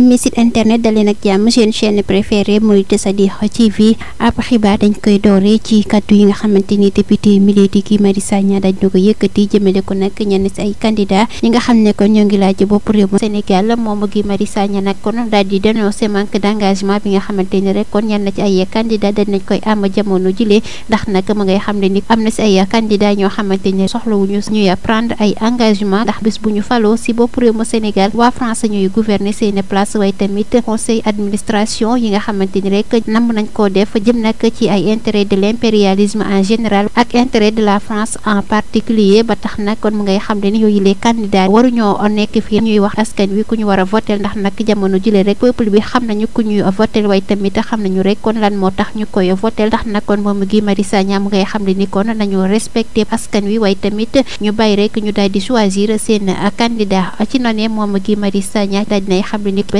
amé site internet dalé nak jàmm seen chaîne préférée muy di TV ap xiba dañ koy doré ci kaddu yi nga xamante marisanya député militi ki marissa nya dañ ko yëkkati jëmale ko nak ñen ci ay candidat ñi nga xamné ko ñoo ngi laaj bop réew Sénégal momu gi marissa nya nak kon dal di dénoncé manque d'engagement bi nga xamante ni rek kon ñen ci ay candidat dañ nañ koy am jamono jilé ndax nak ma ngay xamné ni amna ci ay ya candidat ñoo xamante ni soxlawuñu ya ñuy prendre ay engagement ndax bis buñu ci si réew mo Sénégal wa France ñuy gouverner seen place as way tamit conseil administration yi nga xamante ni rek namm nañ koo def jëm nag ci ay intérêt de l'impérialisme en général ak intérêt de la France en particulier ba tax nag mu ngay xam ne ni yooyu les candidats waruñoo nekk fii ñuy wax askan wi ku ñu war a voter ndax nag jamono jile rek peuple bi xam nañu ku ñuy voter way tamit xam nañu rek kon lan moo tax ñu koy voter ndax nag kon moom Guy Marius Sagna mu ngay xam ne ni kon nañu respecté askan wi way tamit ñu bàyyi rek ñu daal di choisir seen candidat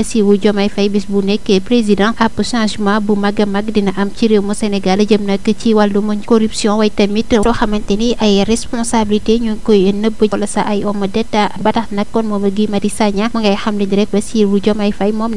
ci Bassirou Diomaye fay bis bu nekké président ab changement bu mag mag dina am ci réew mo Sénégal jëm nak ci mo corruption way tamit loo xamanteni ay responsabilité ñu koy neub wala sa ay homme d'état ba tax nak kon moma gi mari Sagna mo ngay xamni rek ni rek Bassirou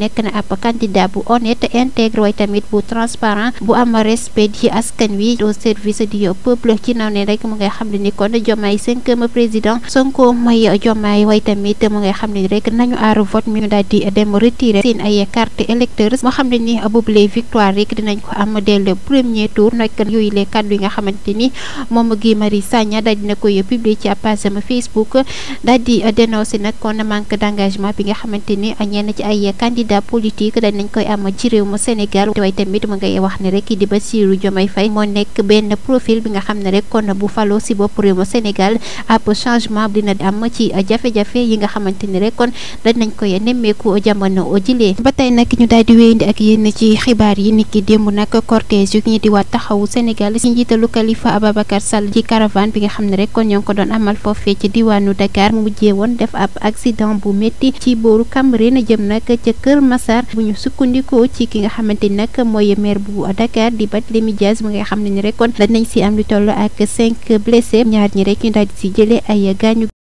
nekk na candidat bu honnête intègre way tamit bu transparent bu am respect ci askan wi do service du peuple ci naw rek mo ngay xamni ni kon 5e président Sonko may jomay way tamit mo ngay xamni rek nañu ar vote mi dal di dem retiré seen ay carte électeurs mo xam ne ni blé victoire rek dinañ ko am dès premier tour nekk yoy les kàddu yi nga xamanteni mom gui mari Sagna daal dina koy publier ci page ma Facebook daal di dénoncé nag kon manque d'engagement bi nga xamanteni ñen ci ay candidat politique dañ nañ koy am ci réew mu Sénégal way tamit mu ngay wax ni rek di Bassirou jomay fay mo nek ben profil bi nga xam rek kon bu falo ci bop réew mu Sénégal ap changement dina am ci jafe jafé yi nga xamanteni rek kon dañ nañ koy nemmeeku jamono diwaan jile ba tey nag ñu daal di wéyandi ak yeen ci xibaar yi niki démb nak cortège yu ñi di wa taxaw sénégal ci njiitalu kalifa Ababakar sall ci caravane bi nga xamne rek kon ñong ko doon amal fofé ci diwanu dakar mu mujjé won def ab accident bu metti ci booru camrine jëm nak ci kër masar bu ñu sukkandikoo ci ki nga xamante nak moy maire bu dakar di Barthélémy Dias mu nga xamne ni rek kon nañ ci am lu tollu ak 5 blessés ñaar ñi rek ñu daal di si ay gañu